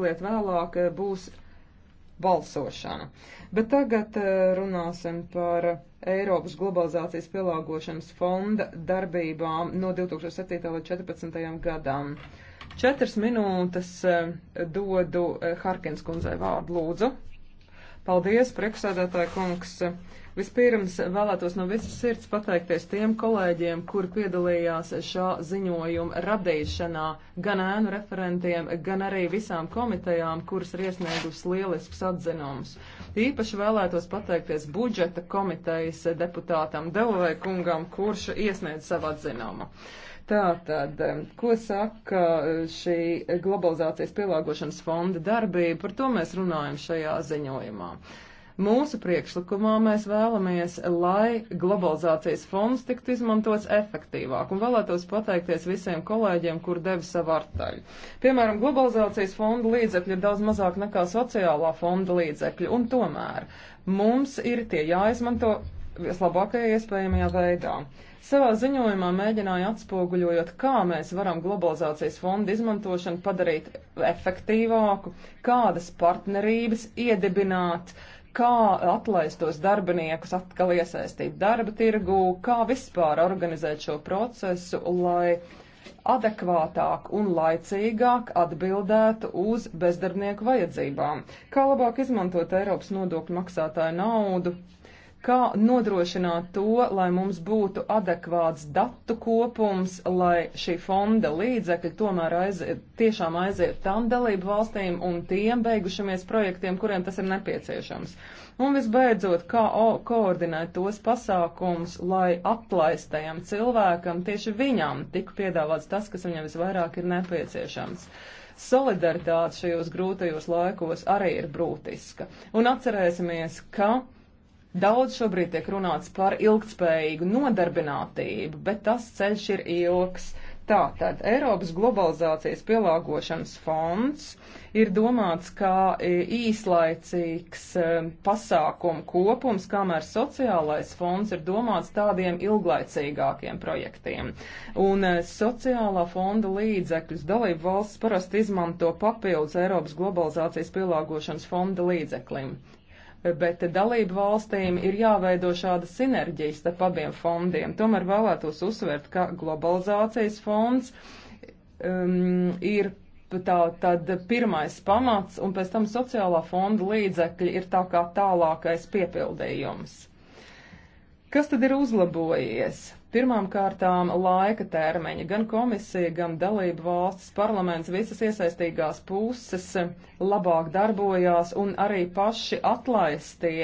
Liet vēlāk eh, būs balsošana. Bet tagad eh, runāsim par Eiropas globalizācijas pielāgošanas fonda darbībām no 2007. līdz 2014. gadam. Četras minūtes eh, dodu Harkins kundzei vārdu lūdzu. Paldies, priekšsēdētāja kungs! Vispirms vēlētos no visas sirds pateikties tiem kolēģiem, kur piedalījās šā ziņojuma radīšanā, gan ēnu referentiem, gan arī visām komitejām, kuras ir iesniegusi lielisks atzinums. Īpaši vēlētos pateikties budžeta komitejas deputātam Delovai kungam, kurš iesniedz savu atzinumu. Tātad, ko saka eh, šī globalizācijas pielāgošanas fonda darbība, par to mēs runājam šajā ziņojumā. Mūsu priekšlikumā mēs vēlamies, lai globalizācijas fonds tiktu izmantots efektīvāk un vēlētos pateikties visiem kolēģiem, kur devi savu artaļu. Piemēram, globalizācijas fonda līdzekļi ir daudz mazāk nekā sociālā fonda līdzekļi, un tomēr mums ir tie jāizmanto vislabākajā iespējamajā veidā. Savā ziņojumā mēģināju atspoguļojot, kā mēs varam globalizācijas fondu izmantošanu padarīt efektīvāku, kādas partnerības iedibināt, kā atlaistos darbiniekus atkal iesaistīt darba tirgū, kā vispār organizēt šo procesu, lai adekvātāk un laicīgāk atbildētu uz bezdarbnieku vajadzībām, kā labāk izmantot Eiropas nodokļu maksātāju naudu, kā nodrošināt to, lai mums būtu adekvāts datu kopums, lai šī fonda līdzekļi tomēr aiziet, tiešām aiziet tām dalību valstīm un tiem beigušamies projektiem, kuriem tas ir nepieciešams. Un visbeidzot, kā o, koordinēt tos pasākums, lai atlaistajam cilvēkam tieši viņam tiktu piedāvāts tas, kas viņam visvairāk ir nepieciešams solidaritāte šajos grūtajos laikos arī ir brūtiska. Un atcerēsimies, ka Daudz šobrīd tiek runāts par ilgtspējīgu nodarbinātību, bet tas ceļš ir ilgs. Tātad Eiropas globalizācijas pielāgošanas fonds ir domāts kā e, īslaicīgs e, pasākumu kopums, kamēr sociālais fonds ir domāts tādiem ilglaicīgākiem projektiem. Un e, sociālā fonda līdzekļus dalību valsts parasti izmanto papildus Eiropas globalizācijas pielāgošanas fonda līdzeklim bet dalību valstīm ir jāveido šāda sinerģija starp abiem fondiem. Tomēr vēlētos uzsvērt, ka globalizācijas fonds um, ir tā tad pirmais pamats, un pēc tam sociālā fonda līdzekļi ir tā kā tālākais piepildījums. Kas tad ir uzlabojies? Pirmām kārtām laika termiņi. Gan komisija, gan dalību valsts parlaments, visas iesaistīgās puses labāk darbojās un arī paši atlaistie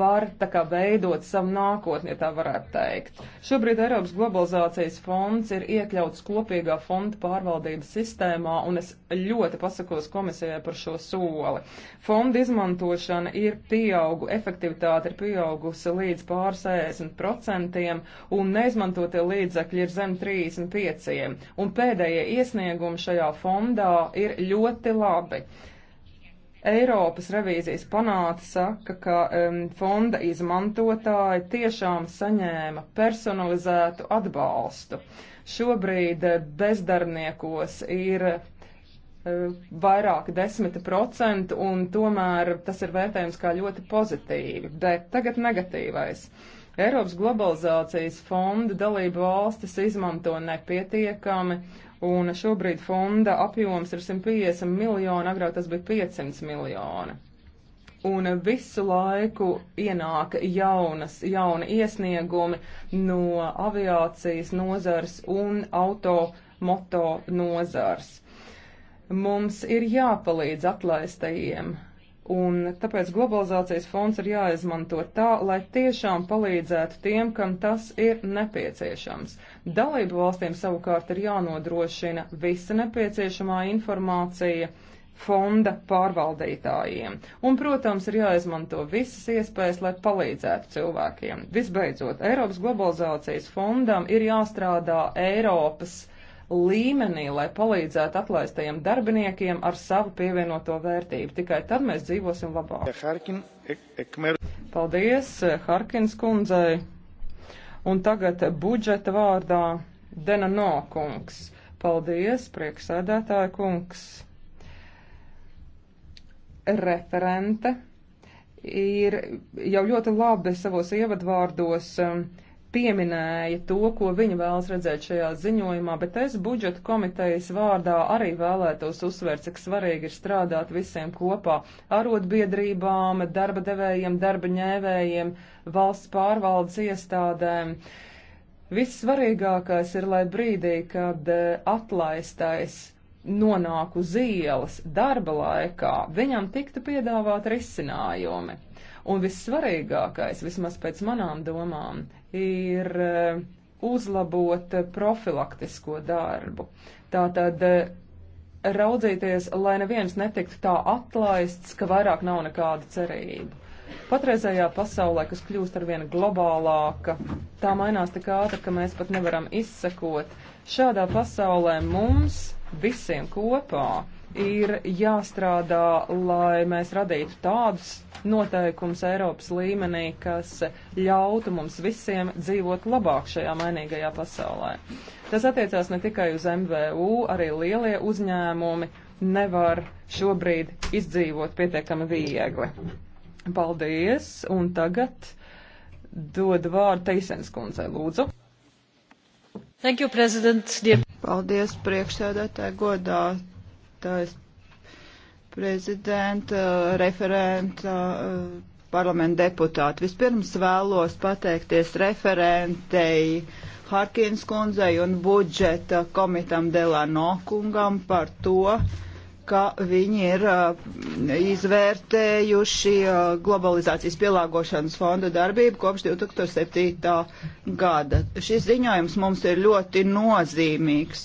var tā kā veidot savu nākotni, ja tā varētu teikt. Šobrīd Eiropas globalizācijas fonds ir iekļauts kopīgā fonda pārvaldības sistēmā, un es ļoti pasakos komisijai par šo soli. Fonda izmantošana ir pieaugu, efektivitāte ir pieaugusi līdz pār 60%, un neizmantotie līdzekļi ir zem 35%, un pēdējie iesniegumi šajā fondā ir ļoti labi. Eiropas revīzijas panāca saka, ka um, fonda izmantotāji tiešām saņēma personalizētu atbalstu. Šobrīd eh, bezdarbniekos ir eh, vairāki desmiti procenti, un tomēr tas ir vērtējums kā ļoti pozitīvi. Bet tagad negatīvais. Eiropas globalizācijas fonda dalību valstis izmanto nepietiekami, un šobrīd fonda apjoms ir 150 miljoni, agrāk tas bija 500 miljoni. Un visu laiku ienāk jaunas, jauni iesniegumi no aviācijas nozars un auto, moto nozars. Mums ir jāpalīdz atlaistajiem, un tāpēc globalizācijas fonds ir jāizmanto tā, lai tiešām palīdzētu tiem, kam tas ir nepieciešams Dalību valstīm savukārt ir jānodrošina visa nepieciešamā informācija fonda pārvaldītājiem. Un, protams, ir jāizmanto visas iespējas, lai palīdzētu cilvēkiem. Visbeidzot, Eiropas globalizācijas fondam ir jāstrādā Eiropas līmenī, lai palīdzētu atlaistajiem darbiniekiem ar savu pievienoto vērtību. Tikai tad mēs dzīvosim labāk. E- Paldies Harkins kundzei! Un tagad budžeta vārdā Dena Nākungs. Paldies, prieksēdētāja kungs. Referente ir jau ļoti labi savos ievadvārdos um, pieminēja to, ko viņa vēlas redzēt šajā ziņojumā, bet es budžeta komitejas vārdā arī vēlētos uzsvērt, cik svarīgi ir strādāt visiem kopā - arotbiedrībām, darba devējiem, darba ņēvējiem, valsts pārvaldes iestādēm. Vissvarīgākais ir, lai brīdī, kad e, atlaistais nonāk uz ielas darba laikā, viņam tiktu piedāvāt risinājumi. Un vissvarīgākais, vismaz pēc manām domām, ir e, uzlabot profilaktisko darbu. Tātad e, raudzīties, lai neviens netiktu tā atlaists, ka vairāk nav nekāda cerība. Patreizējā pasaulē, kas kļūst ar vien globālāka, tā mainās tik ātri, ka mēs pat nevaram izsekot. Šādā pasaulē mums visiem kopā ir jāstrādā, lai mēs radītu tādus noteikumus Eiropas līmenī, kas ļautu mums visiem dzīvot labāk šajā mainīgajā pasaulē. Tas attiecās ne tikai uz MVU, arī lielie uzņēmumi nevar šobrīd izdzīvot pietiekami viegli. Paldies, un tagad dodu vārdu Teisens kundzei, lūdzu. Thank you, President. Dear... Paldies, priekšsēdētāji, godā. Tā es prezidenta, uh, referenta, uh, parlamenta deputāti. Vispirms vēlos pateikties referentei Harkins kundzei un budžeta komitam Delano kungam par to, ka viņi ir izvērtējuši globalizācijas pielāgošanas fonda darbību kopš 2007. gada. Šis ziņojums mums ir ļoti nozīmīgs.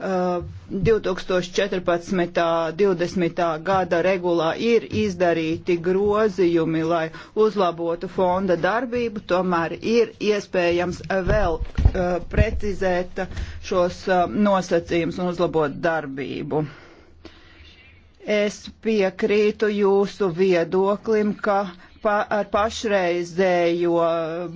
2014. 20. gada regulā ir izdarīti grozījumi, lai uzlabotu fonda darbību, tomēr ir iespējams vēl uh, precizēt šos uh, nosacījumus un uzlabot darbību. Uh, Es piekrītu jūsu viedoklim, ka pa, ar pašreizējo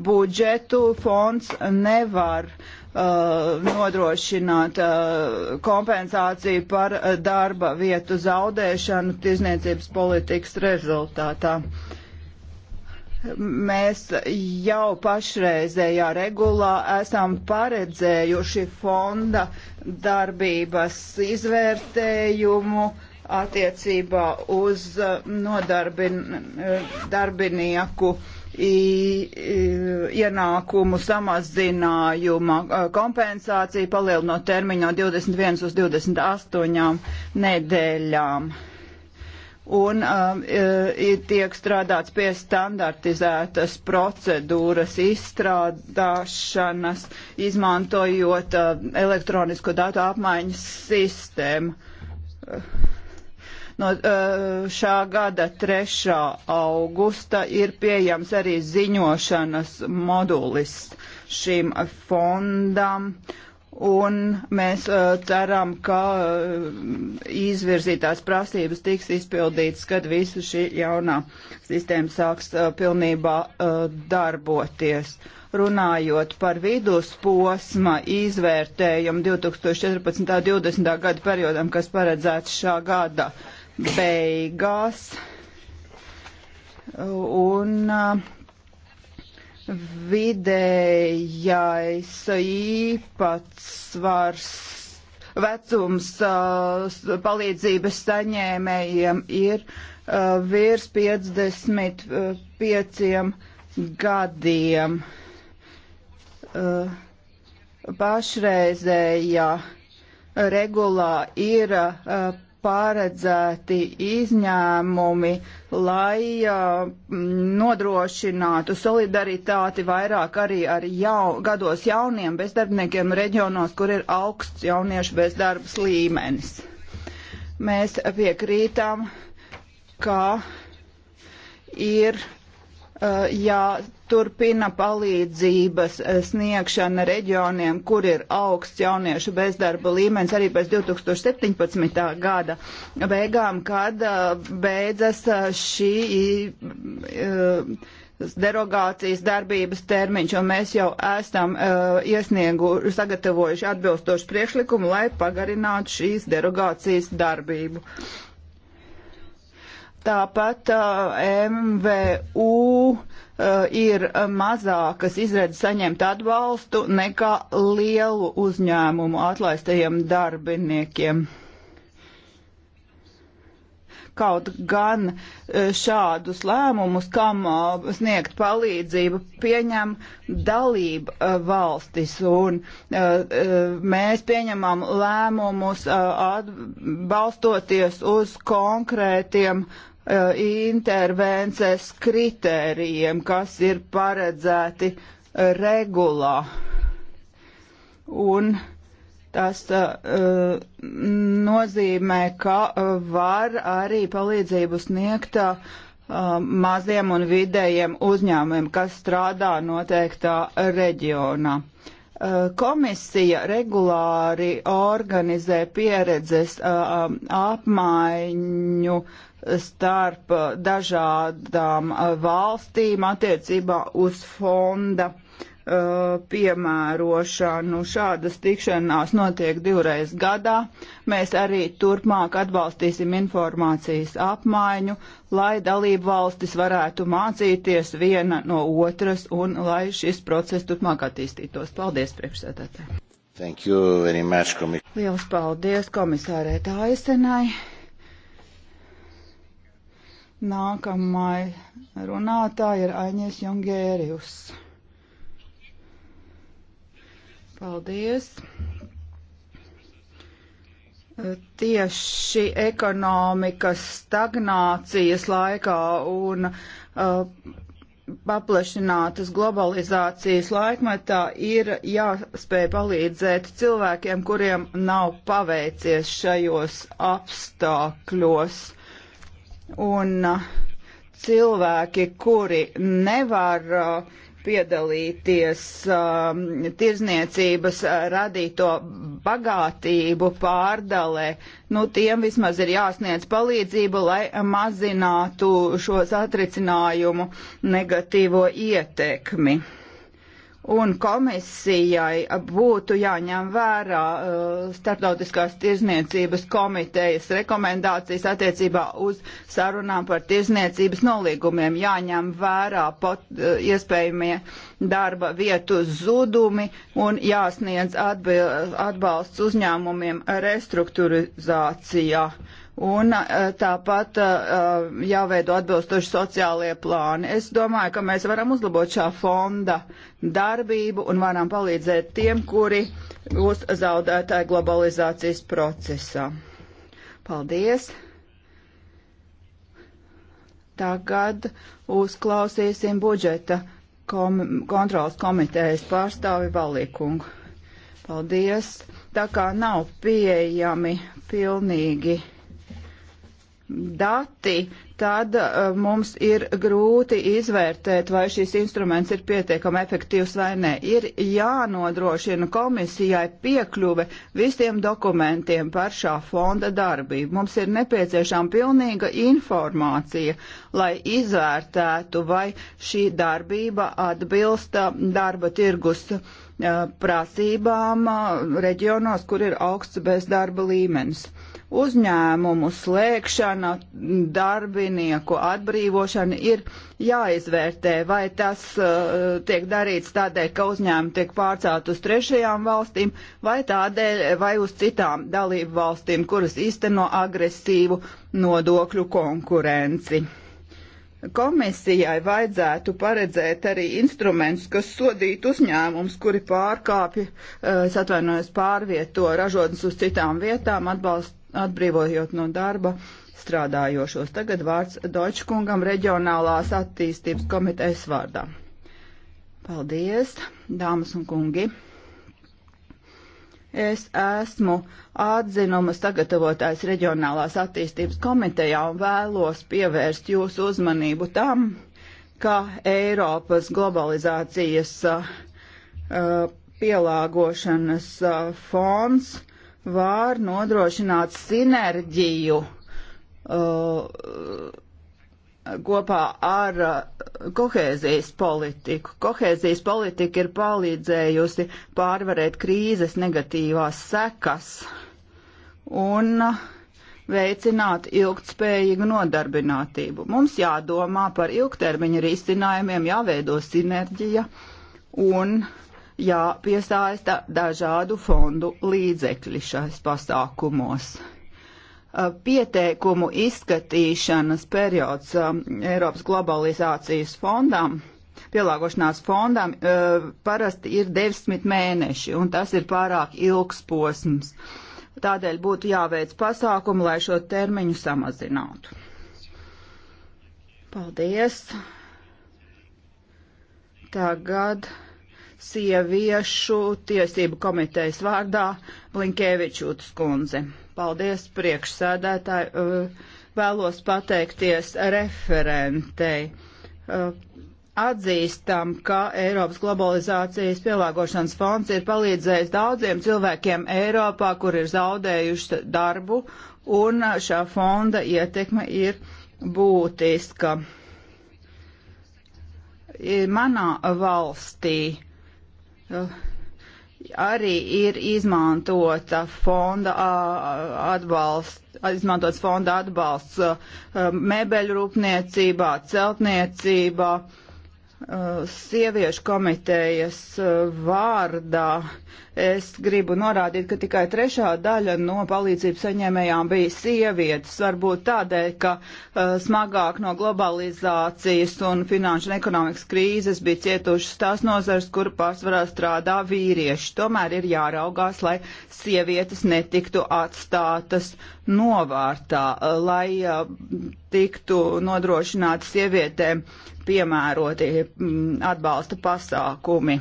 budžetu fonds nevar uh, nodrošināt uh, kompensāciju par uh, darba vietu zaudēšanu tirzniecības politikas rezultātā. Mēs jau pašreizējā regulā esam paredzējuši fonda darbības izvērtējumu uh, attiecībā uz uh, nodarbin, uh, darbinieku ienākumu samazinājuma uh, kompensāciju palielinot termiņu no 21 uz 28 nedēļām. Un um, tiek strādāts pie standartizētas procedūras izstrādāšanas, izmantojot uh, elektronisko datu apmaiņas sistēmu. Uh, No uh, šā gada 3. augusta ir pieejams arī ziņošanas modulis šim fondam. Un mēs uh, ceram, ka uh, izvirzītās prasības tiks izpildītas, kad visa šī jaunā sistēma sāks pilnībā darboties runājot par vidusposma izvērtējumu 2014. un 2020. gada periodam, kas paredzēts šā gada beigās. Un uh, vidējais īpatsvars vecums uh, palīdzības saņēmējiem ir uh, virs 55 gadiem. Pašreizējā regulā ir paredzēti izņēmumi, lai uh, nodrošinātu solidaritāti vairāk arī ar jau, gados jauniem bezdarbniekiem reģionos, kur ir augsts jauniešu bezdarbs līmenis. Mēs piekrītam, ka ir Eh, jāturpina palīdzības eh, sniegšana reģioniem, kur ir augsts jauniešu bezdarba līmenis arī pēc 2017. gada beigām, kad eh, beidzas šī derogācijas darbības termiņš, un mēs jau esam iesniegu sagatavojuši atbilstošu priekšlikumu, lai pagarinātu šīs derogācijas darbību. Uh, Tāpat uh, MVU uh, ir mazākas izredzes saņemt atbalstu nekā lielu uzņēmumu atlaistajiem darbiniekiem. Kaut gan uh, šādus lēmumus, kam uh, sniegt palīdzību, pieņem dalība uh, valstis, un mēs pieņemam lēmumus balstoties uz konkrētiem uh, Eh, intervences kritērijiem, kas ir paredzēti eh, regulā. Un tas uh, nozīmē, ka var arī palīdzību sniegt uh, maziem un vidējiem uzņēmumiem, kas strādā noteiktā reģionā. Komisija regulāri organizē pieredzes apmaiņu starp dažādām uh, valstīm attiecībā uz fonda uh, piemērošanu. Šādas tikšanās notiek divreiz gadā. Mēs arī turpmāk atbalstīsim informācijas apmaiņu, lai dalību valstis varētu mācīties viena no otras un lai šis process turpmāk attīstītos. Paldies, priekšsēdētāji! Lielas paldies komisārē Taisenai! Nākamai runātāja ir Aņies Jungērijus. Paldies. Tieši ekonomikas stagnācijas laikā un uh, paplašinātas globalizācijas laikmetā ir jāspēj palīdzēt cilvēkiem, kuriem nav paveicies šajos apstākļos. Uh, un uh, cilvēki, kuri nevar uh, piedalīties um, tirzniecības uh, radīto bagātību pārdalē, nu tiem vismaz ir jāsniedz palīdzība, lai mazinātu šo satricinājumu negatīvo ietekmi un komisijai būtu jāņem vērā uh, starptautiskās tirzniecības komitejas rekomendācijas attiecībā uz sarunām par tirzniecības nolīgumiem, jāņem vērā pot, uh, iespējamie darba vietu zudumi un jāsniedz atbil, atbalsts uzņēmumiem restruktūrizācijā. Uh, un eh, tāpat eh, jāveido atbilstoši sociālie plāni. Es domāju, ka mēs varam uzlabot šā fonda darbību un varam palīdzēt tiem, kuri būs zaudētāji globalizācijas procesā. Paldies! Tagad uzklausīsim budžeta kom kontrolas komitejas pārstāvi Valīkungu. Paldies! Tā kā nav pieejami pilnīgi dati, tad uh, mums ir grūti izvērtēt, vai šis instruments ir pietiekami efektīvs vai nē. Ir jānodrošina komisijai piekļuve visiem dokumentiem par šā fonda darbību. Mums ir nepieciešama pilnīga informācija, lai izvērtētu, vai šī darbība atbilsta uh, darba tirgus uh, prasībām reģionos, kur ir augsts bezdarba līmenis uzņēmumu slēgšana, darbinieku atbrīvošana ir jāizvērtē, vai tas uh, tiek darīts tādēļ, ka uzņēmumi tiek pārcelt uz trešajām valstīm, vai tādēļ, vai uz citām dalību valstīm, kuras izteno agresīvu nodokļu konkurenci. Komisijai vajadzētu paredzēt arī instrumentus, kas sodītu uzņēmumus, kuri pārkāpja, es atvainojos, pārvieto ražotnes uz citām vietām, atbalst, atbrīvojot no darba strādājošos. Tagad vārds Dočkungam reģionālās attīstības komitejas vārdā. Paldies, dāmas un kungi! Es esmu atzinuma sagatavotājs reģionālās attīstības komitejā un vēlos pievērst jūsu uzmanību tam, ka Eiropas globalizācijas uh, pielāgošanas uh, fonds uh, var nodrošināt sinerģiju uh, kopā ar uh, kohēzijas politiku. Kohēzijas politika ir palīdzējusi pārvarēt krīzes negatīvās sekas un uh, veicināt ilgtspējīgu nodarbinātību. Mums jādomā par ilgtermiņa risinājumiem, jāveido sinerģija un uh, jāpiesaista dažādu fondu līdzekļi šais pasākumos. Uh, pieteikumu izskatīšanas periods um, Eiropas globalizācijas fondam, pielāgošanās fondam, uh, parasti ir 10 mēneši, un tas ir pārāk ilgs posms. Tādēļ būtu jāveic pasākumu, lai šo termiņu samazinātu. Paldies! Tagad sieviešu tiesību komitejas vārdā Blinkēvičūtas kundze. Paldies priekšsēdētāji, vēlos pateikties referentei. Atzīstam, ka Eiropas globalizācijas pielāgošanas fonds ir palīdzējis daudziem cilvēkiem Eiropā, kur ir zaudējuši darbu, un šā fonda ietekme ir būtiska. Manā valstī uh, arī ir izmantota fonda atbalsts, izmantots fonda atbalsts mebeļu rūpniecībā, celtniecībā Uh, sieviešu komitejas uh, vārdā es gribu norādīt, ka tikai trešā daļa no palīdzības saņēmējām bija sievietes. Varbūt tādēļ, ka uh, smagāk no globalizācijas un finanšu un ekonomikas krīzes bija cietušas tās nozars, kur pārsvarā strādā vīrieši. Tomēr ir jāraugās, lai sievietes netiktu atstātas novārtā, lai tiktu nodrošināti sievietēm piemēroti mm, atbalsta pasākumi.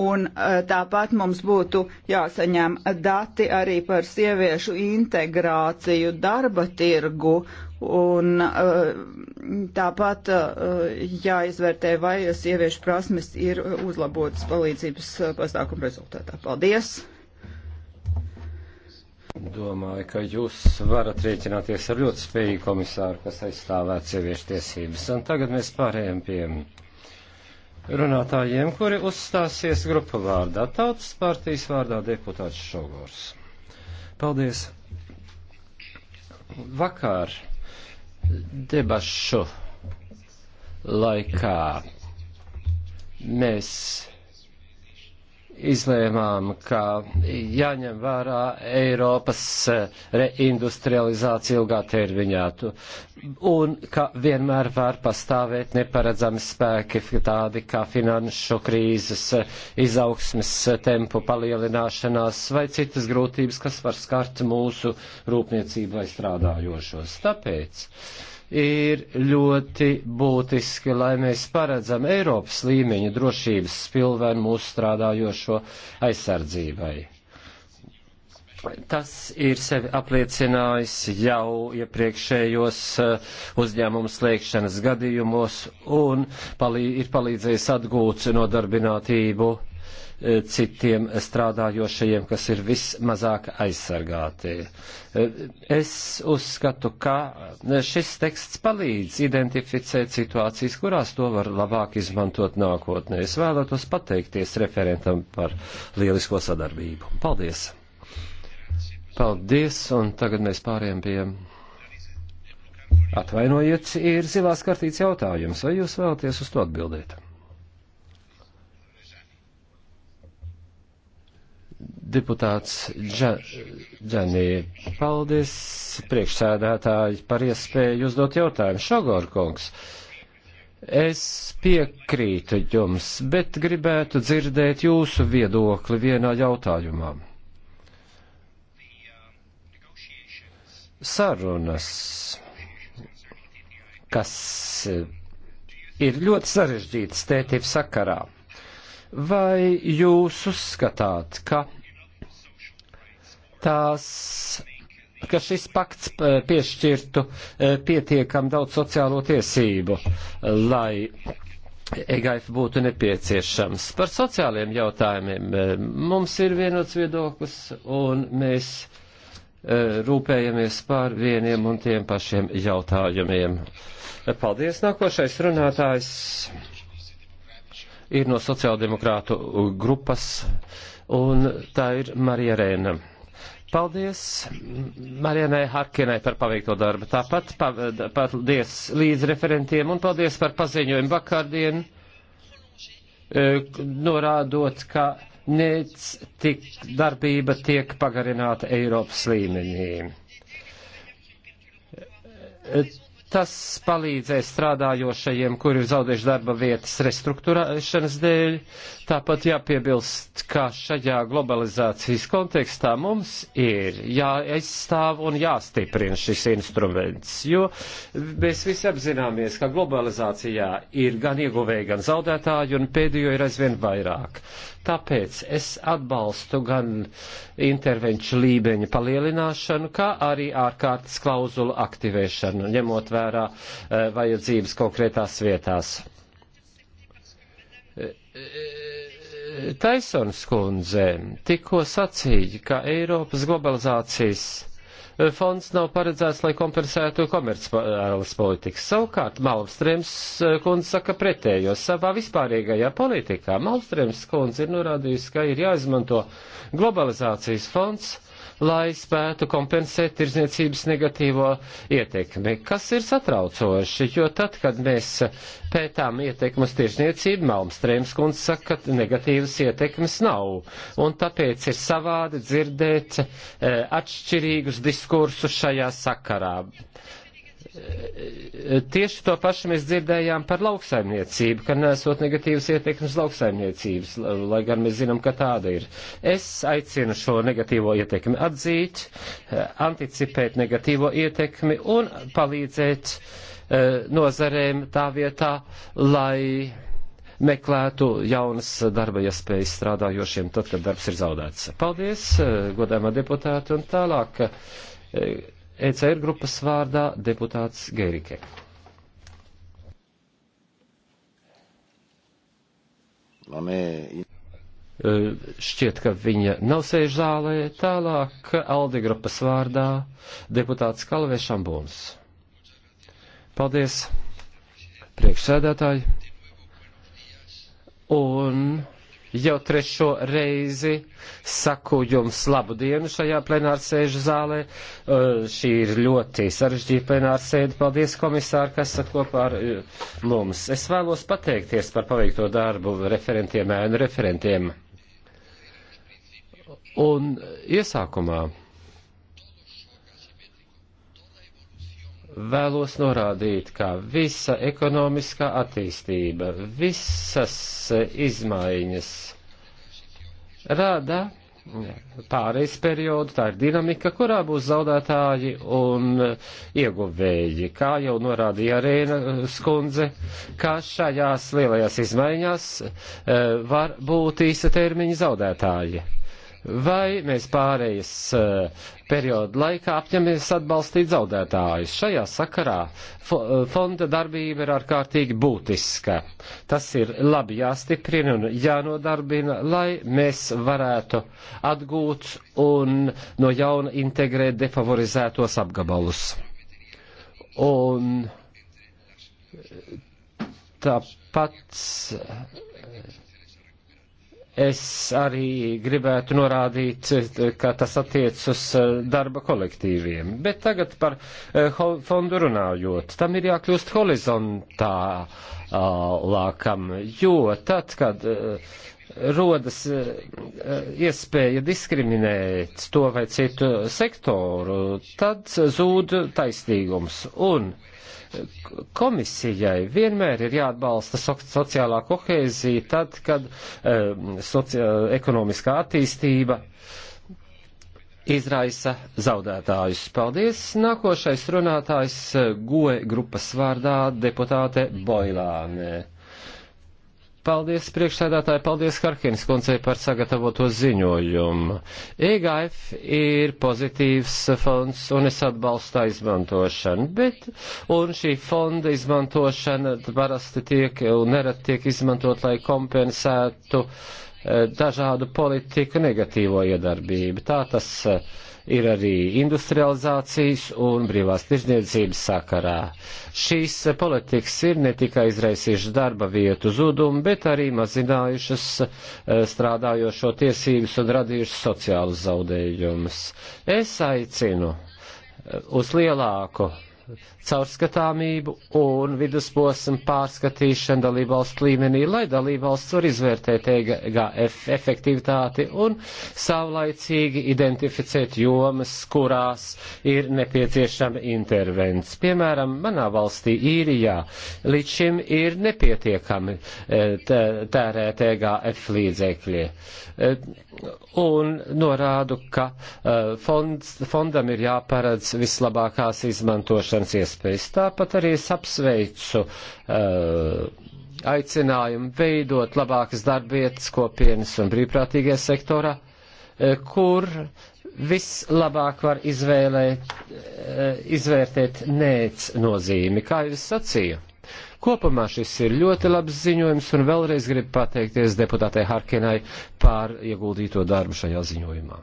Un eh, tāpat mums būtu jāsaņem dati arī par sieviešu integrāciju darba tirgu un eh, tāpat eh, jāizvērtē, vai sieviešu prasmes ir uzlabotas palīdzības pasākumu rezultātā. Paldies! Domāju, ka jūs varat rēķināties ar ļoti spējīgu komisāru, kas aizstāvētu sieviešu tiesības. Un tagad mēs pārējām pie runātājiem, kuri uzstāsies grupu vārdā. Tautas partijas vārdā deputāts Šogors. Paldies. Vakar debašu laikā mēs izlēmām, ka jāņem vērā Eiropas eh, reindustrializācija ilgā termiņā un ka vienmēr var pastāvēt neparedzami spēki tādi kā finanšu krīzes, eh, izaugsmes eh, tempu palielināšanās vai citas grūtības, kas var skart mūsu rūpniecību vai strādājošos. Tāpēc ir ļoti būtiski, lai mēs paredzam Eiropas līmeņa drošības spilvenu mūsu strādājošo aizsardzībai. Tas ir sevi apliecinājis jau iepriekšējos uh, uzņēmumu slēgšanas gadījumos un palī ir palīdzējis atgūt nodarbinātību citiem strādājošajiem, kas ir vismazāk aizsargāti. Es uzskatu, ka šis teksts palīdz identificēt situācijas, kurās to var labāk izmantot nākotnē. Es vēlētos pateikties referentam par lielisko sadarbību. Paldies! Paldies, un tagad mēs pāriem pie. Atvainojiet, ir zilās kartītes jautājums, vai jūs vēlaties uz to atbildēt? Deputāts Džanī, paldies priekšsēdētāji par iespēju uzdot jautājumu. Šogor kungs, es piekrītu jums, bet gribētu dzirdēt jūsu viedokli vienā jautājumā. Sarunas, kas ir ļoti sarežģītas tētību sakarā. Vai jūs uzskatāt, ka tās ka šis pakts eh, piešķirtu eh, pietiekam daudz sociālo tiesību, lai EGF būtu nepieciešams. Par sociāliem jautājumiem eh, mums ir vienots viedoklis un mēs rūpējamies par vieniem un tiem pašiem jautājumiem. Paldies, nākošais runātājs ir no sociāldemokrātu grupas, un tā ir Marija Rēna. Paldies Marijanai Harkinai par paveikto darbu. Tāpat paldies līdzreferentiem un paldies par paziņojumu vakardien, e, norādot, ka nec tik darbība tiek pagarināta Eiropas līmenī e, Tas palīdzēs strādājošajiem, kuri ir zaudējuši darba vietas restruktūrēšanas dēļ. Tāpat jāpiebilst, ka šajā globalizācijas kontekstā mums ir jāaizstāv un jāstiprina šis instruments, jo mēs visi apzināmies, ka globalizācijā ir gan ieguvēji, gan zaudētāji, un pēdējo ir aizvien vairāk. Tāpēc es atbalstu gan intervenču līmeņa palielināšanu, kā arī ārkārtas klauzulu aktivēšanu, ņemot vērā eh, vajadzības konkrētās vietās. Eh, eh, Taisons kundze tikko sacīja, ka Eiropas globalizācijas fonds nav paredzēts, lai kompensētu komercpārāles politikas. Savukārt Malmstrēms eh, kundze saka pretējo. Savā vispārīgajā politikā Malmstrēms kundze ir norādījusi, ka ir jāizmanto globalizācijas fonds lai spētu kompensēt tirzniecības negatīvo ietekmi, kas ir satraucoši, jo tad, kad mēs pētām ietekmu uz tirzniecību, Malmstrēms kundze saka, ka negatīvas ietekmes nav, un tāpēc ir savādi dzirdēt e, atšķirīgus diskursus šajā sakarā. Eh, eh, tieši to pašu mēs dzirdējām par lauksaimniecību, ka nesot negatīvas ietekmes lauksaimniecības, lai gan mēs zinām, ka tāda ir. Es aicinu šo negatīvo ietekmi atzīt, eh, anticipēt negatīvo ietekmi un palīdzēt nozarēm tā vietā, lai meklētu jaunas darba iespējas strādājošiem tad, kad darbs ir zaudēts. Paldies, godājumā deputāti, un tālāk ECR grupas vārdā deputāts Gerike. Mani... E, šķiet, ka viņa nav sēž zālē. Tālāk Aldi grupas vārdā deputāts Kalvē Šambūns. Paldies, priekšsēdētāji. Un jau trešo reizi saku jums labu dienu šajā plenārsēžu zālē. Uh, šī ir ļoti sarežģīta plenārsēde. Paldies, komisāri, kas esat kopā ar uh, mums. Es vēlos pateikties par paveikto darbu referentiem, ēnu referentiem. Un uh, iesākumā vēlos norādīt, ka visa ekonomiskā attīstība, visas e, izmaiņas rada pārejas periodu, tā ir dinamika, kurā būs zaudētāji un ieguvēji. Kā jau norādīja Arēna e, skundze, kā šajās lielajās izmaiņās e, var būt īsa termiņa zaudētāji vai mēs pārējas eh, periodu laikā apņemies atbalstīt zaudētājus. Šajā sakarā eh, fonda darbība ir ārkārtīgi būtiska. Tas ir labi jāstiprina un jānodarbina, lai mēs varētu atgūt un no jauna integrēt defavorizētos apgabalus. Un eh, tāpat Es arī gribētu norādīt, ka tas attiec uz eh, darba kolektīviem. Bet tagad par eh, fondu runājot, tam ir jākļūst horizontālākam, jo tad, kad eh, rodas iespēja diskriminēt to vai citu sektoru, tad zūd taisnīgums. Un uh, Komisijai vienmēr ir jāatbalsta sociālā kohēzija tad, kad um, soci ekonomiskā attīstība izraisa zaudētājus. Paldies! Nākošais runātājs uh, goe grupas vārdā deputāte Boilānē. Paldies priekšsēdētāji, paldies Harkins koncei par sagatavoto ziņojumu. EGF ir pozitīvs fonds un es atbalstu izmantošanu, bet un šī fonda izmantošana parasti tiek un nerad tiek izmantot, lai kompensētu eh, dažādu politiku negatīvo iedarbību. Tā tas uh, ir arī industrializācijas un brīvās tirdzniecības sakarā. Šīs politikas ir ne tikai izraisījušas darba vietu zudumu, bet arī mazinājušas eh, strādājošo tiesības un radījušas sociālus zaudējumus. Es aicinu eh, uz lielāku caurskatāmību un vidusposmu pārskatīšanu dalībvalstu līmenī, lai dalībvalsts var izvērtēt EGF efektivitāti un savlaicīgi identificēt jomas, kurās ir nepieciešama intervents. Piemēram, manā valstī īrijā līdz šim ir nepietiekami eh, tērēt EGF līdzekļi. Eh, un norādu, ka uh, fonds, fondam ir jāparedz vislabākās izmantošanas iespējas. Tāpat arī es apsveicu uh, aicinājumu veidot labākas darbvietas kopienas un brīvprātīgajā sektorā, uh, kur vislabāk var izvēlēt, uh, izvērtēt nēc nozīmi, kā jau es sacīju Kopumā šis ir ļoti labs ziņojums un vēlreiz gribu pateikties deputātei Harkinai par ieguldīto darbu šajā ziņojumā.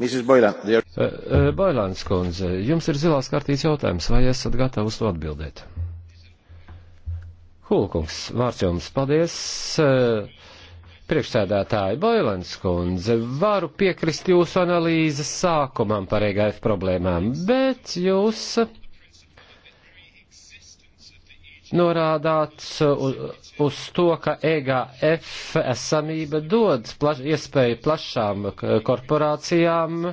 Boilans Boilan, eh, eh, kundze, jums ir zilās kartītes jautājums, vai esat gatavi uz to atbildēt? Hulkungs, vārds jums, paldies. Eh, priekšsēdētāji Boilans kundze, varu piekrist jūsu analīzes sākumam par EGF problēmām, bet jūs norādāt uz, uz to, ka EGF esamība dod plaš, iespēju plašām korporācijām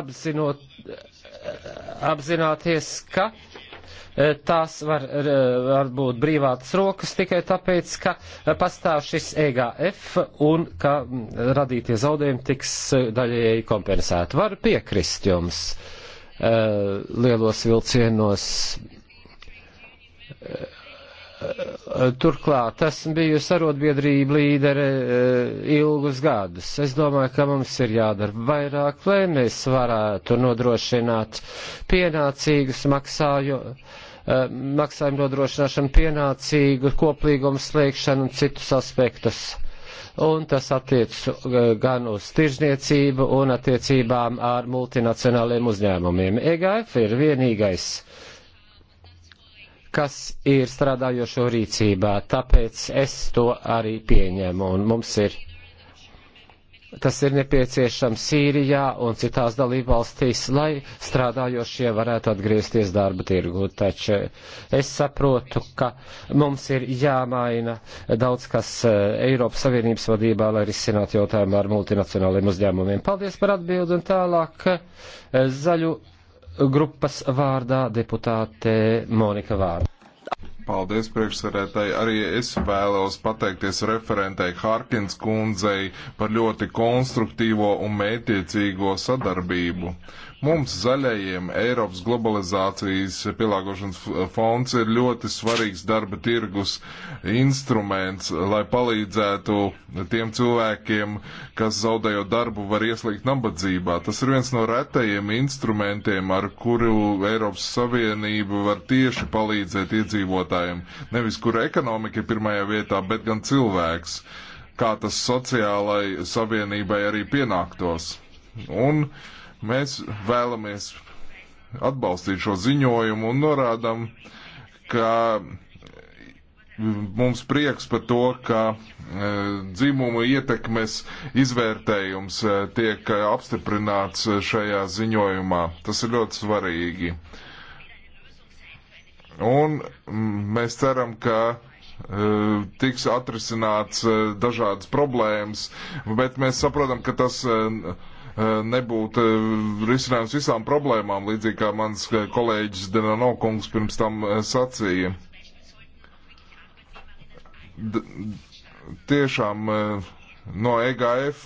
apzinot, apzināties, ka e, tās var, var būt brīvātas rokas tikai tāpēc, ka pastāv šis EGF un ka radītie zaudējumi tiks e, daļēji kompensēti. Varu piekrist jums. Uh, Uh, lielos vilcienos. Uh, uh, turklāt esmu bijusi arotbiedrība līdere ilgus gadus. Es domāju, ka mums ir jādara vairāk, lai mēs varētu nodrošināt pienācīgus maksāju, maksājumu nodrošināšanu, pienācīgu koplīgumu slēgšanu un citus aspektus un tas attiec eh, gan uz tirzniecību un attiecībām ar multinacionāliem uzņēmumiem. EGF ir vienīgais kas ir strādājošo rīcībā, tāpēc es to arī pieņemu, un mums ir Tas ir nepieciešams Sīrijā un citās dalībvalstīs, lai strādājošie varētu atgriezties darba tirgu. Taču es saprotu, ka mums ir jāmaina daudz kas eh, Eiropas Savienības vadībā, lai risinātu jautājumu ar multinacionāliem uzņēmumiem. Paldies par atbildi un tālāk eh, zaļu grupas vārdā deputāte Monika Vārda. Paldies, priekšsarētāji. Arī es vēlos pateikties referentei Harkins kundzei par ļoti konstruktīvo un mētiecīgo sadarbību. Mums zaļajiem Eiropas globalizācijas pielāgošanas fonds ir ļoti svarīgs darba tirgus instruments, lai palīdzētu tiem cilvēkiem, kas zaudējot darbu var ieslīgt nabadzībā. Tas ir viens no retajiem instrumentiem, ar kuru Eiropas Savienība var tieši palīdzēt iedzīvotājiem. Nevis kur ekonomika ir pirmajā vietā, bet gan cilvēks kā tas sociālai savienībai arī pienāktos. Un uh, Mēs vēlamies atbalstīt šo ziņojumu un norādam, ka mums prieks par to, ka e, dzimumu ietekmes izvērtējums e, tiek apstiprināts šajā ziņojumā. Tas ir ļoti svarīgi. Un mēs ceram, ka e, tiks atrisināts dažādas problēmas, bet mēs saprotam, ka tas Eh, nebūtu eh, risinājums visām problēmām, līdzīgi kā mans eh, kolēģis Denano kungs pirms tam sacīja. D tiešām no EGF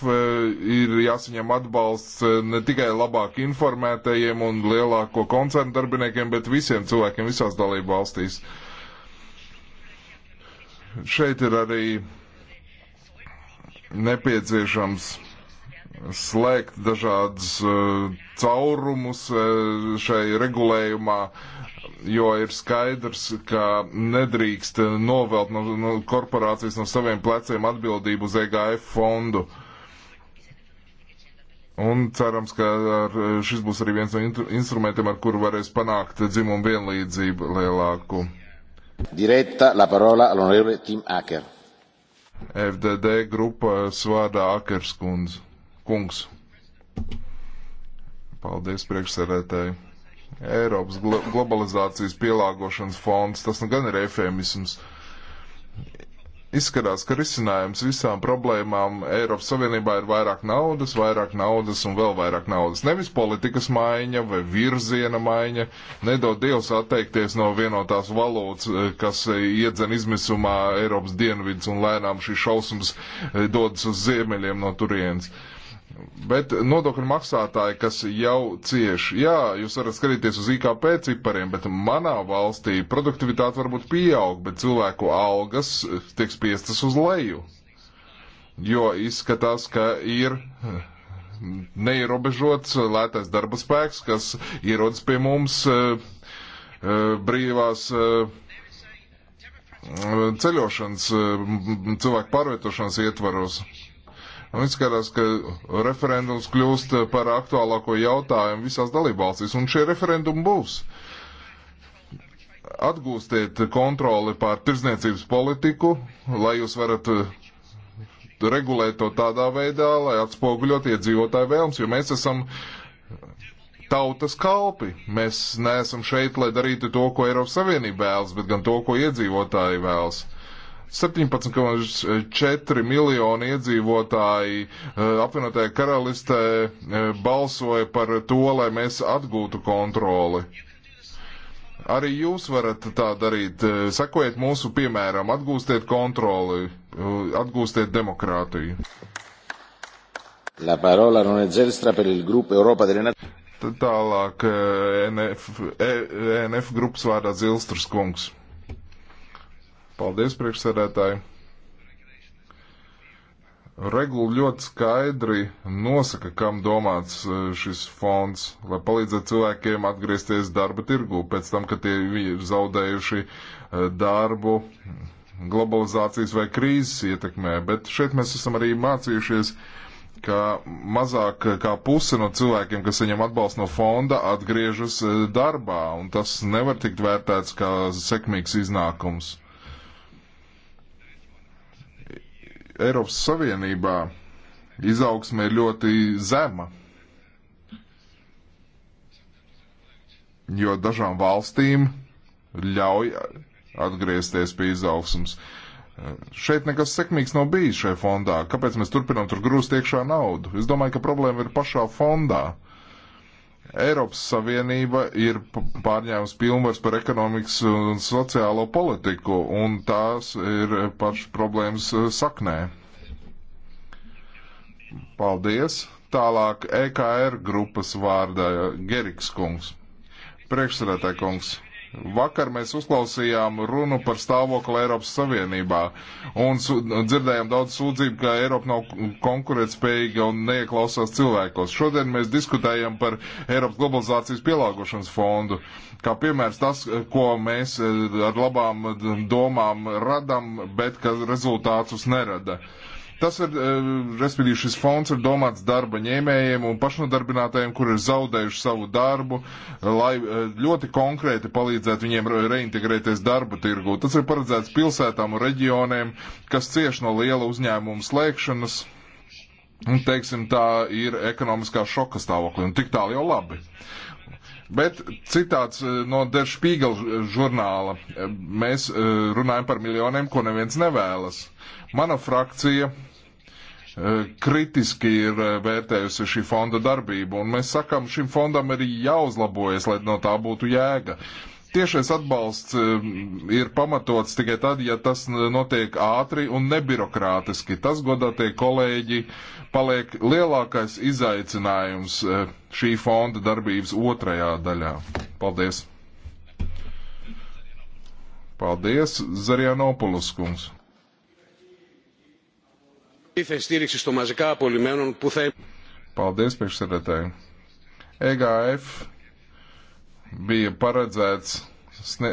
ir jāsaņem atbalsts ne tikai labāk informētajiem un lielāko koncernu darbiniekiem, bet visiem cilvēkiem visās dalību valstīs. Šeit ir arī nepieciešams slēgt dažādas eh, caurumus eh, šai regulējumā, jo ir skaidrs, ka nedrīkst novelt no, no korporācijas no saviem pleciem atbildību uz EGF fondu. Un cerams, ka ar, šis būs arī viens no instrumentiem, ar kuru varēs panākt dzimumu vienlīdzību lielāku. Diretta la parola all'onorevole Tim Aker. FDD grupas vārdā Akers kundze kungs. Paldies priekšsēdētāji. Eiropas glo globalizācijas pielāgošanas fonds, tas nu gan ir efēmisms. Izskatās, ka risinājums visām problēmām Eiropas Savienībā ir vairāk naudas, vairāk naudas un vēl vairāk naudas. Nevis politikas maiņa vai virziena maiņa, nedod Dievs atteikties no vienotās valūtas, kas iedzen izmisumā Eiropas dienvidus un lēnām šī šausums dodas uz ziemeļiem no turienes. Uh, Bet nodokļu maksātāji, kas jau cieši, jā, jūs varat skatīties uz IKP cipariem, bet manā valstī produktivitāte varbūt pieaug, bet cilvēku algas tiek spiestas uz leju. Jo izskatās, ka ir neierobežots lētais darba spēks, kas ierodas pie mums e, e, brīvās e, ceļošanas, cilvēku pārvietošanas ietvaros. Un izskatās, ka referendums kļūst par aktuālāko jautājumu visās dalībvalstīs, un šie referendumi būs. Atgūstiet kontroli pār tirzniecības politiku, lai jūs varat eh, regulēt to tādā veidā, lai atspoguļot iedzīvotāju vēlms, jo mēs esam tautas kalpi. Mēs neesam šeit, lai darītu to, ko Eiropas Savienība vēlas, bet gan to, ko iedzīvotāji vēlas. 17,4 eh, miljoni iedzīvotāji eh, apvienotajā karalistē eh, balsoja par to, lai mēs atgūtu kontroli. Arī jūs varat tā darīt. Sekojiet mūsu piemēram, atgūstiet kontroli, atgūstiet demokrātiju. La parola non è Zelstra per il gruppo Europa delle Nazioni. Tālāk NF, ENF e grupas vārdā Zilstras kungs. Paldies, priekšsēdētāji! Regula ļoti skaidri nosaka, kam domāts e, šis fonds, lai palīdzētu cilvēkiem atgriezties darba tirgū pēc tam, kad tie ir zaudējuši e, darbu globalizācijas vai krīzes ietekmē. Bet šeit mēs esam arī mācījušies, ka mazāk kā puse no cilvēkiem, kas saņem atbalstu no fonda, atgriežas e, darbā, un tas nevar tikt vērtēts kā sekmīgs iznākums. Eiropas Savienībā izaugsme ir ļoti zema, jo dažām valstīm ļauj atgriezties pie izaugsmas. Šeit nekas sekmīgs nav bijis šajā fondā. Kāpēc mēs turpinām tur grūst iekšā naudu? Es domāju, ka problēma ir pašā fondā. Uh, Eiropas Savienība ir pārņēmusi pilnvars par ekonomikas un sociālo politiku, un tās ir pašas problēmas uh, saknē. Paldies! Tālāk EKR grupas vārdā Geriks kungs. Priekšsēdētāj kungs. Vakar mēs uzklausījām runu par stāvokli Eiropas Savienībā un dzirdējām daudz sūdzību, ka Eiropa nav konkurētspējīga un neieklausās cilvēkos. Šodien mēs diskutējam par Eiropas globalizācijas pielāgošanas fondu. Kā piemērs tas, ko mēs eh, ar labām domām radam, bet kas rezultātus nerada. Uh, Tas ir, eh, respektīvi, šis fonds ir domāts darba ņēmējiem un pašnodarbinātajiem, kur ir zaudējuši savu darbu, lai eh, ļoti konkrēti palīdzētu viņiem reintegrēties darba tirgu. Tas ir paredzēts pilsētām un reģioniem, kas cieši no liela uzņēmuma slēgšanas. Un, teiksim, tā ir ekonomiskā šoka stāvokļa, un tik tālu jau labi. Bet citāts eh, no Der Spiegel eh, žurnāla. Eh, mēs runājam par miljoniem, ko neviens nevēlas. Mana frakcija kritiski ir vērtējusi šī fonda darbību, un mēs sakam, šim fondam ir jāuzlabojas, lai no tā būtu jēga. Uh, Tiešais atbalsts ir pamatots tikai tad, ja tas notiek ātri un nebirokrātiski. Tas, godātie kolēģi, paliek lielākais izaicinājums e, šī fonda darbības otrajā daļā. Paldies! Paldies, Zarianopoulos kungs! Paldies, priekšsēdētāji! EGF bija paredzēts snie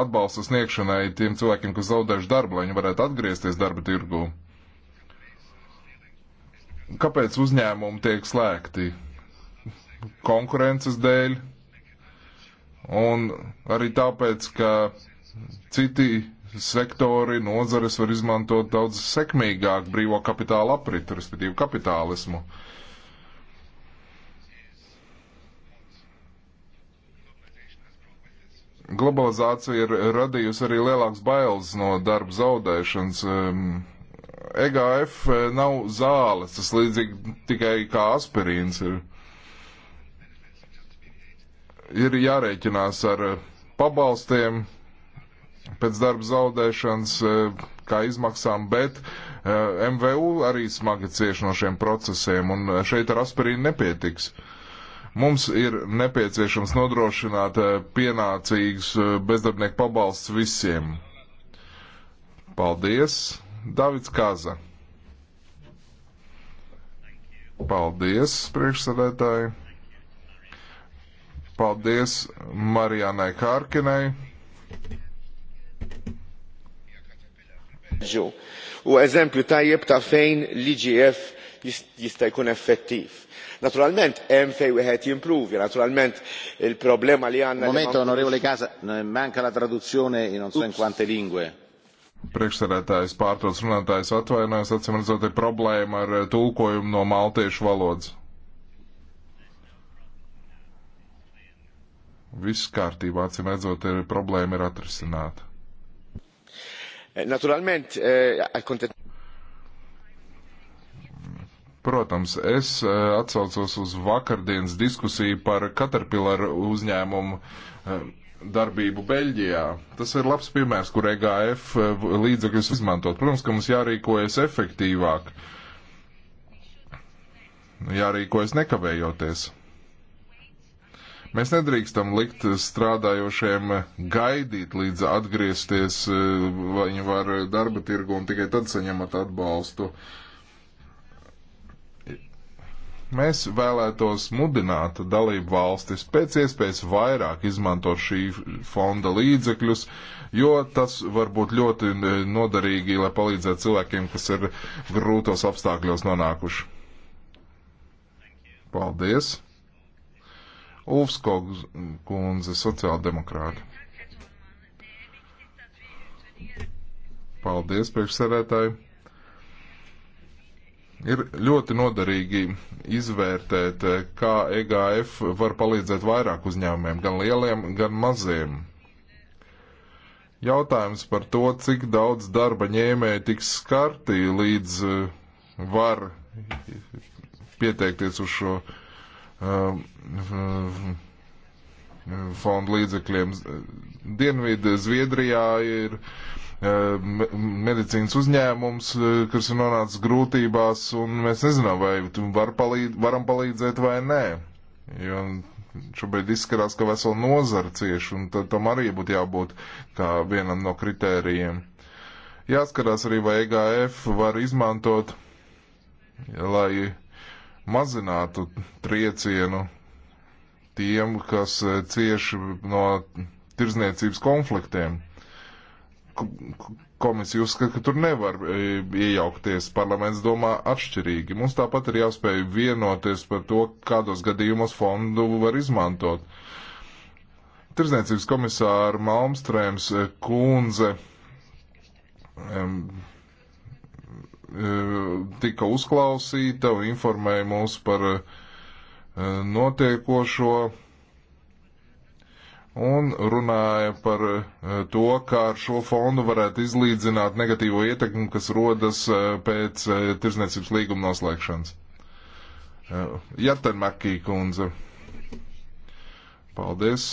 atbalsta sniegšanai tiem cilvēkiem, kas zaudējuši darbu, lai viņi varētu atgriezties darba tirgū. Kāpēc uzņēmumi tiek slēgti? Konkurences dēļ un arī tāpēc, ka citi sektori, nozares var izmantot daudz sekmīgāk brīvo kapitāla apritu, respektīvi kapitālismu. Uh, Globalizācija ir radījusi arī lielāks bailes no darba zaudēšanas. EGF e nav zāles, tas līdzīgi tikai kā aspirīns ir. Ir jārēķinās ar pabalstiem pēc darba zaudēšanas, e, kā izmaksām, bet e, MVU arī smagi cieš no šiem procesiem, un šeit ar aspirīnu nepietiks. Uh, Mums ir nepieciešams nodrošināt eh, pienācīgs eh, bezdarbnieku pabalsts visiem. Paldies, Davids Kaza. Paldies, priekšsēdētāji. Paldies Marijanai Kārkinai. U eżempju tajjeb ta' fejn l-IGF jista' jkun effettiv Naturalment, hemm fejn wieħed jimprovja, naturalment il-problema li għandna. Momento, onorevole Casa, eh, manka la traduzzjoni in non so in quante lingue. Priekšsēdētājs pārtrauc runātājs atvainojas, acīm redzot, ir problēma ar eh, tulkojumu no maltiešu valodas. Viss kārtībā, acīm redzot, ir problēma ir atrisināta. Naturalment, eh, Protams, es eh, atsaucos uz vakardienas diskusiju par Caterpillar uzņēmumu eh, darbību Beļģijā. Tas ir labs piemērs, kur EGF eh, līdzekļus izmantot. Protams, ka mums jārīkojas efektīvāk, jārīkojas nekavējoties. Mēs nedrīkstam likt strādājošiem gaidīt līdz atgriezties, viņi var darba tirgu un tikai tad saņemat atbalstu. Uh, Mēs vēlētos mudināt dalību valstis pēc iespējas vairāk izmantot šī fonda līdzekļus, jo tas var būt ļoti e, noderīgi, lai palīdzētu cilvēkiem, kas ir grūtos apstākļos nonākuši. Paldies! Ulfskogs kundze, sociāldemokrāti. Paldies, priekšsarētāji! Ir ļoti noderīgi izvērtēt, kā EGF var palīdzēt vairāk uzņēmumiem, gan lieliem, gan maziem. Jautājums par to, cik daudz darba ņēmēji tiks skarti, līdz eh, var pieteikties uz šo um, fondu līdzekļiem. Dienvidu Zviedrijā ir uh, Eh, medicīnas uzņēmums, eh, kas ir nonācis grūtībās, un mēs nezinām, vai var palīd, varam palīdzēt vai nē. Jo šobrīd izskatās, ka vesela nozara cieši, un tam arī būtu jābūt kā vienam no kritērijiem. Jāskatās arī, vai EGF var izmantot, lai mazinātu triecienu tiem, kas eh, cieši no tirzniecības konfliktiem komisija uzskata, ka tur nevar e, iejaukties. Parlaments domā atšķirīgi. Mums tāpat ir jāspēj vienoties par to, kādos gadījumos fondu var izmantot. Tirzniecības komisāra Malmstrēms e, kundze e, tika uzklausīta un informēja mūs par notiekošo un runāja par eh, to, kā ar šo fondu varētu izlīdzināt negatīvo ietekmi, kas rodas eh, pēc eh, tirzniecības līguma noslēgšanas. Jatenmakī kundze. Paldies.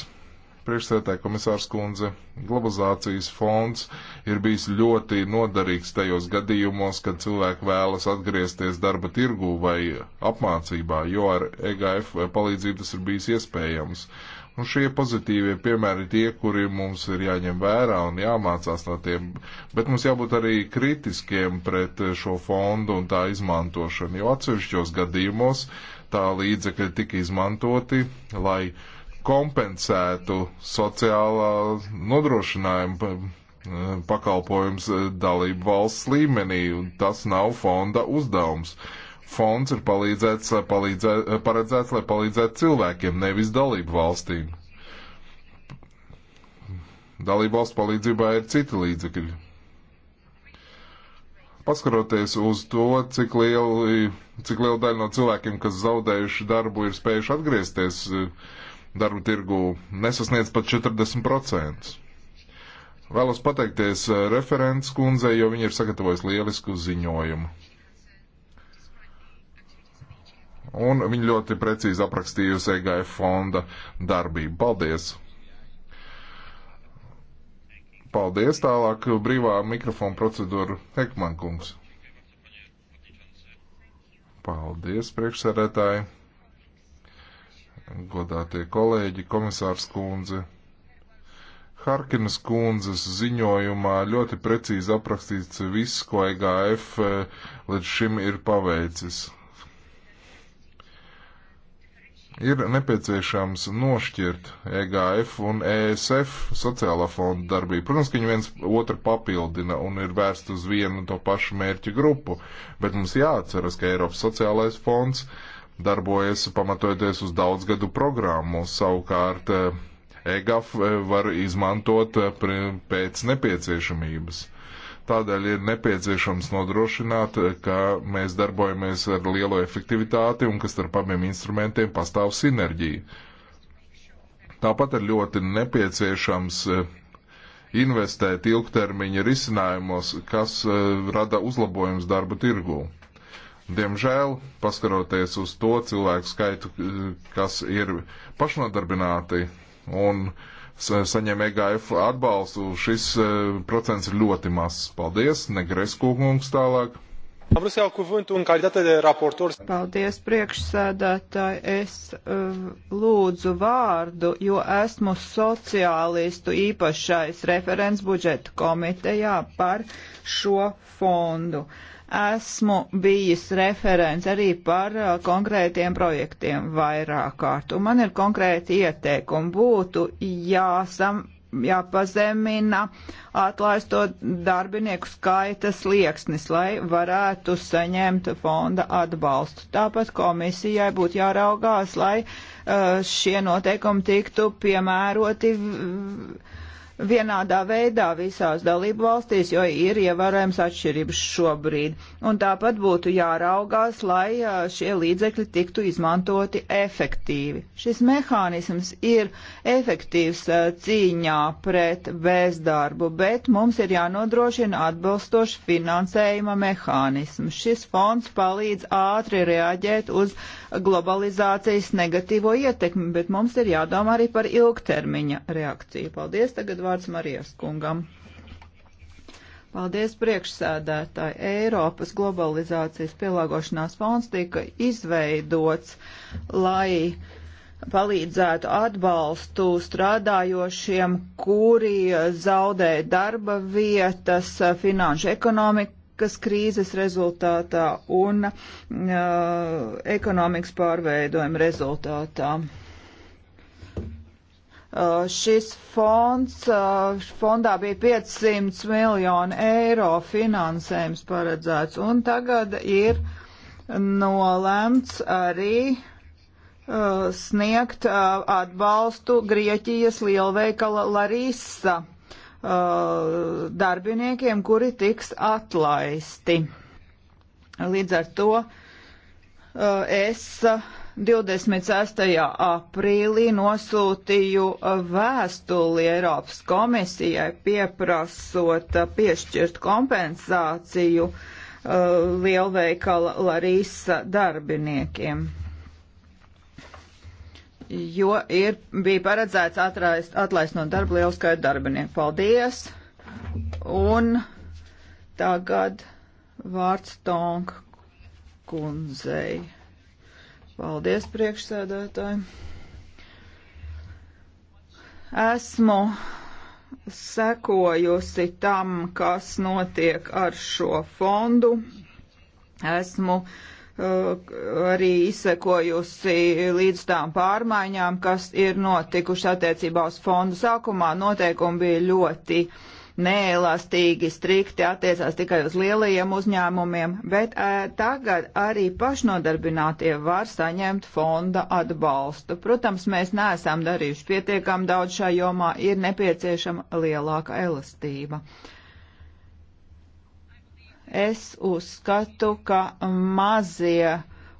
Priekšsētāja komisārs kundze, globalizācijas fonds ir bijis ļoti noderīgs tajos gadījumos, kad cilvēki vēlas atgriezties darba tirgū vai apmācībā, jo ar EGF palīdzību tas ir bijis iespējams. Uh, Nu, šie pozitīvie piemēri tie, kuri mums ir jāņem vērā un jāmācās no tiem, bet mums jābūt arī kritiskiem pret šo fondu un tā izmantošanu, jo atsevišķos gadījumos tā līdzekļi tika izmantoti, lai kompensētu sociālā nodrošinājuma eh, pakalpojums eh, dalību valsts līmenī, un tas nav fonda uzdevums. Uh, fonds ir palīdzēts, lai palīdzē, paredzēts, lai palīdzētu cilvēkiem, nevis dalību valstīm. Dalību valstu palīdzībā ir citi līdzekļi paskaroties uz to, cik, lieli, cik liela daļa no cilvēkiem, kas zaudējuši darbu, ir spējuši atgriezties eh, darba tirgu, nesasniedz pat 40%. Vēlos pateikties eh, referents kundzei, jo viņi ir sagatavojis lielisku ziņojumu un viņa ļoti precīzi aprakstījusi EGF fonda darbību. Paldies! Paldies! Tālāk brīvā mikrofona procedūra Hekman kungs. Paldies, priekšsēdētāji! Godātie kolēģi, komisārs kundze! Harkinas kundzes ziņojumā ļoti precīzi aprakstīts viss, ko EGF eh, līdz šim ir paveicis ir nepieciešams nošķirt EGF un ESF sociālā fonda darbību. Protams, ka viņi viens otru papildina un ir vērst uz vienu un to pašu mērķu grupu, bet mums jāatceras, ka Eiropas sociālais fonds darbojas pamatojoties uz daudzgadu programmu. Savukārt EGF var izmantot eh, pēc nepieciešamības. Tādēļ ir nepieciešams nodrošināt, ka mēs darbojamies ar lielu efektivitāti un ka starp abiem instrumentiem pastāv sinerģija. Tāpat ir ļoti nepieciešams e, investēt ilgtermiņa risinājumos, kas e, rada uzlabojums darba tirgū. Diemžēl, paskaroties uz to cilvēku skaitu, e, kas ir pašnodarbināti un uh, Eh, saņem EGF atbalstu, šis eh, procents ir ļoti mazs. Paldies, Negreskūkungs tālāk. Am vrut să iau cuvântul în calitate de raportor. Paldies, priekšsēdētāji. Es uh, lūdzu vārdu, jo esmu sociālistu īpašais referents budžeta komitejā par šo fondu. Uh, Esmu bijis referents arī par uh, konkrētiem projektiem vairāk kārt, un man ir konkrēti ieteikumi. Būtu jāsam, jāpazemina atlaisto darbinieku skaita slieksnis, lai varētu saņemt fonda atbalstu. Tāpat komisijai būtu jāraugās, lai uh, šie noteikumi tiktu piemēroti. V vienādā veidā visās dalību valstīs, jo ir ievērojams atšķirības šobrīd. Un tāpat būtu jāraugās, lai šie līdzekļi tiktu izmantoti efektīvi. Šis mehānisms ir efektīvs cīņā pret bezdarbu, bet mums ir jānodrošina atbilstoši finansējuma mehānismu. Šis fonds palīdz ātri reaģēt uz globalizācijas negatīvo ietekmi, bet mums ir jādomā arī par ilgtermiņa reakciju. Paldies! Tagad vārds vārds Marijas kungam. Paldies priekšsēdētāji. Eiropas globalizācijas pielāgošanās fonds tika izveidots, lai palīdzētu atbalstu strādājošiem, kuri zaudē darba vietas finanšu ekonomikas krīzes rezultātā un uh, ekonomikas pārveidojuma rezultātā. Uh, šis fonds, uh, fondā bija 500 miljonu eiro finansējums paredzēts, un tagad ir nolēmts arī uh, sniegt atbalstu Grieķijas lielveikala Larisa darbiniekiem, kuri tiks atlaisti. Līdz ar to es 26. aprīlī nosūtīju uh, vēstuli Eiropas komisijai pieprasot uh, piešķirt kompensāciju uh, lielveikala Larisa darbiniekiem jo ir, bija paredzēts atlaist, atlaist no darba lielu skaitu darbinieku. Paldies! Un tagad vārds Tonk kundzei. Paldies, priekšsēdētāji. Esmu sekojusi tam, kas notiek ar šo fondu. Esmu uh, arī izsekojusi līdz tām pārmaiņām, kas ir notikuši attiecībā uz fondu. Sākumā noteikumi bija ļoti uh, neelastīgi, strikti attiecās tikai uz lielajiem uzņēmumiem, bet e, tagad arī pašnodarbinātie var saņemt fonda atbalstu. Protams, mēs neesam darījuši pietiekam daudz šā jomā, ir nepieciešama lielāka elastība. Es uzskatu, ka mazie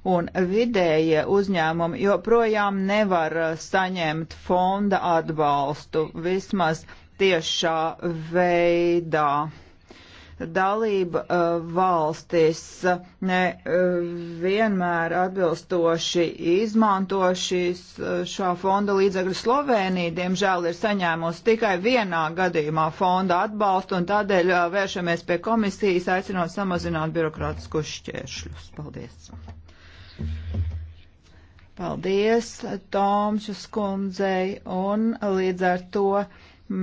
un vidējie uzņēmumi joprojām nevar saņemt fonda atbalstu. Vismaz tiešā veidā dalība uh, valstis uh, ne uh, vienmēr atbilstoši izmanto šīs šā fonda līdzekļu. Slovenija, diemžēl, ir saņēmusi tikai vienā gadījumā fonda atbalstu un tādēļ vēršamies pie komisijas, aicinot samazināt birokrātiskos šķēršļus. Paldies! Paldies Tomšas kundzei un līdz ar to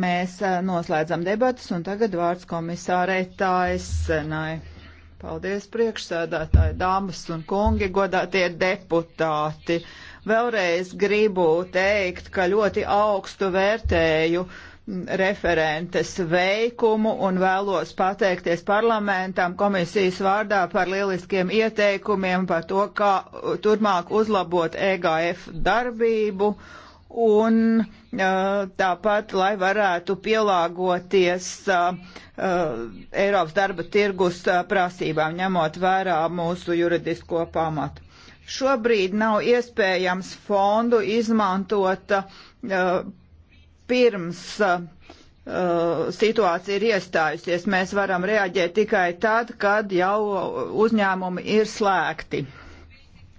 Mēs eh, noslēdzam debatas un tagad vārds komisārai Taisenai. Paldies priekšsēdētāji, dāmas un kungi, godātie deputāti. Vēlreiz gribu teikt, ka ļoti augstu vērtēju mm, referentes veikumu un vēlos pateikties parlamentam komisijas vārdā par lieliskiem ieteikumiem par to, kā turmāk uzlabot EGF darbību un uh, tāpat, lai varētu pielāgoties uh, uh, Eiropas darba tirgus prasībām, ņemot vērā mūsu juridisko pamatu. Šobrīd nav iespējams fondu izmantot pirms situācija ir iestājusies. Mēs varam reaģēt tikai tad, kad jau uzņēmumi ir slēgti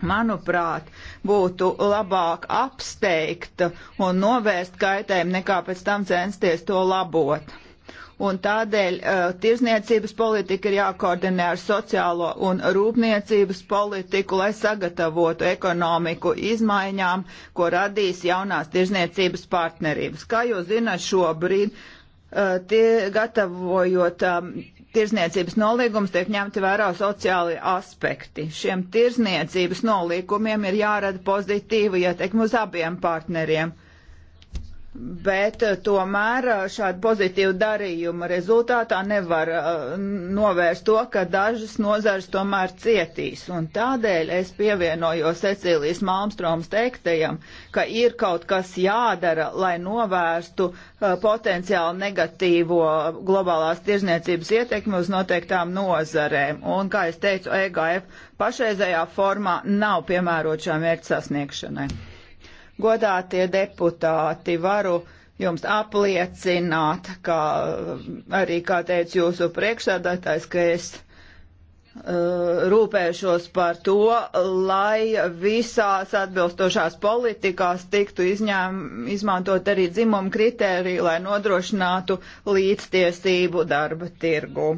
manuprāt, būtu labāk apsteigt un novērst kaitējumu, nekā pēc tam censties to labot. Un tādēļ uh, tirzniecības politika ir jākoordinē ar sociālo un rūpniecības politiku, lai sagatavotu ekonomiku izmaiņām, ko radīs jaunās tirzniecības partnerības. Kā jūs zināt, šobrīd uh, tie, gatavojot um, tirzniecības nolīgums tiek ņemti vērā sociāli aspekti. Šiem tirzniecības nolīgumiem ir jārada pozitīva ietekme uz abiem partneriem. Bet eh, tomēr eh, šādu pozitīvu darījumu rezultātā nevar eh, novērst to, ka dažas nozars tomēr cietīs. Un tādēļ es pievienojos Cecīlijas Malmstroms teiktajam, ka ir kaut kas jādara, lai novērstu potenciāli negatīvo globālās tirzniecības ietekmi uz noteiktām nozarēm. Un, kā es teicu, EGF pašreizējā formā nav piemērot šā mērķa sasniegšanai. Godātie deputāti, varu jums apliecināt, ka arī, kā teica jūsu priekšsēdētājs, ka es uh, rūpēšos par to, lai visās atbilstošās politikās tiktu izņēm, izmantot arī dzimumu kritēriju, lai nodrošinātu līdztiesību darba tirgu.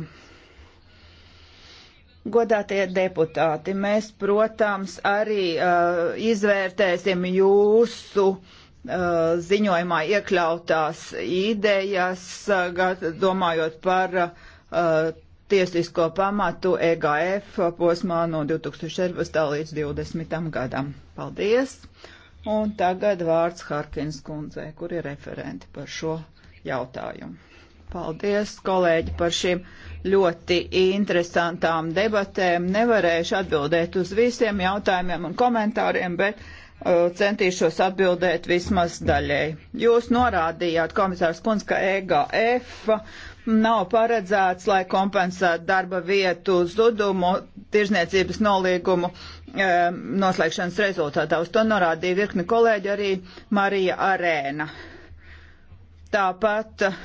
Godātie deputāti, mēs, protams, arī uh, izvērtēsim jūsu uh, ziņojumā iekļautās idejas, uh, domājot par uh, tiesisko pamatu EGF posmā no 2014. līdz 2020. gadam. Paldies! Un tagad vārds Harkins kundzei, kur ir referenti par šo jautājumu. Paldies, kolēģi, par šīm ļoti interesantām debatēm. Nevarēšu atbildēt uz visiem jautājumiem un komentāriem, bet uh, centīšos atbildēt vismaz daļēji. Jūs norādījāt, komisārs Kunz, ka EGF nav paredzēts, lai kompensētu darba vietu zudumu tirzniecības nolīgumu um, noslēgšanas rezultātā. Uz to norādīja virkni kolēģi arī Marija Arēna. Tāpat uh,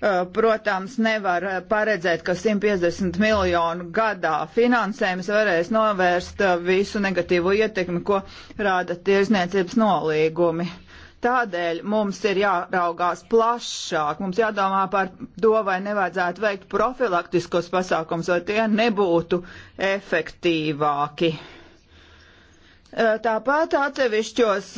Eh, protams, nevar eh, paredzēt, ka 150 miljonu gadā finansējums varēs novērst eh, visu negatīvo ietekmi, ko rāda tirzniecības nolīgumi. Tādēļ mums ir jāraugās plašāk, mums jādomā par to, vai nevajadzētu veikt profilaktiskos pasākums, vai tie nebūtu efektīvāki. Tāpat atsevišķos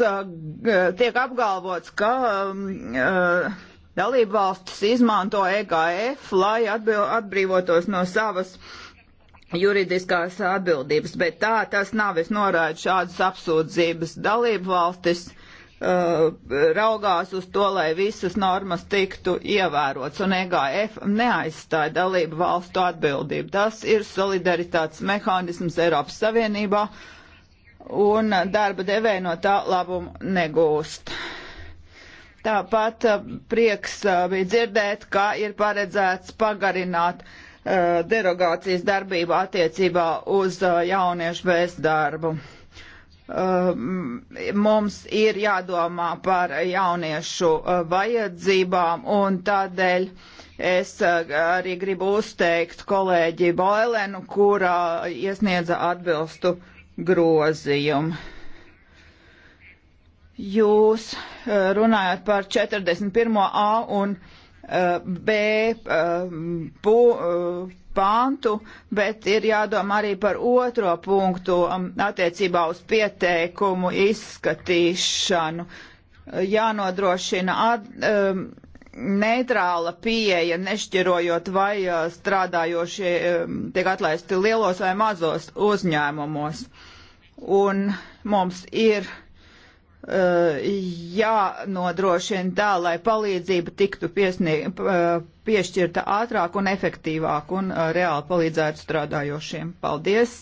tiek apgalvots, ka. Uh, Dalībvalstis izmanto EGF, lai atbrīvotos no savas juridiskās atbildības, bet tā tas nav. Es norādu šādas apsūdzības. Dalībvalstis uh, raugās uz to, lai visas normas tiktu ievērots, un EGF neaizstāja dalību valstu atbildību. Tas ir solidaritātes mehānisms Eiropas Savienībā, un darba devēja no tā labumu negūst. Tāpat eh, prieks eh, bija dzirdēt, ka ir paredzēts pagarināt eh, derogācijas darbību attiecībā uz jauniešu bezdarbu. Mums ir jādomā par jauniešu vajadzībām un tādēļ es arī gribu uzteikt kolēģi Boilenu, kurā iesniedza atbilstu grozījumu. Jūs eh, runājat par 41. A un eh, B eh, pu, pāntu, bet ir jādomā arī par otro punktu um, attiecībā uz pieteikumu izskatīšanu. Jānodrošina at, um, neitrāla pieeja, nešķirojot vai uh, strādājošie um, tiek atlaisti lielos vai mazos uzņēmumos. Un mums ir uh, Eh, jānodrošina tā, lai palīdzība tiktu piesnie, eh, piešķirta ātrāk un efektīvāk un eh, reāli palīdzētu strādājošiem. Paldies!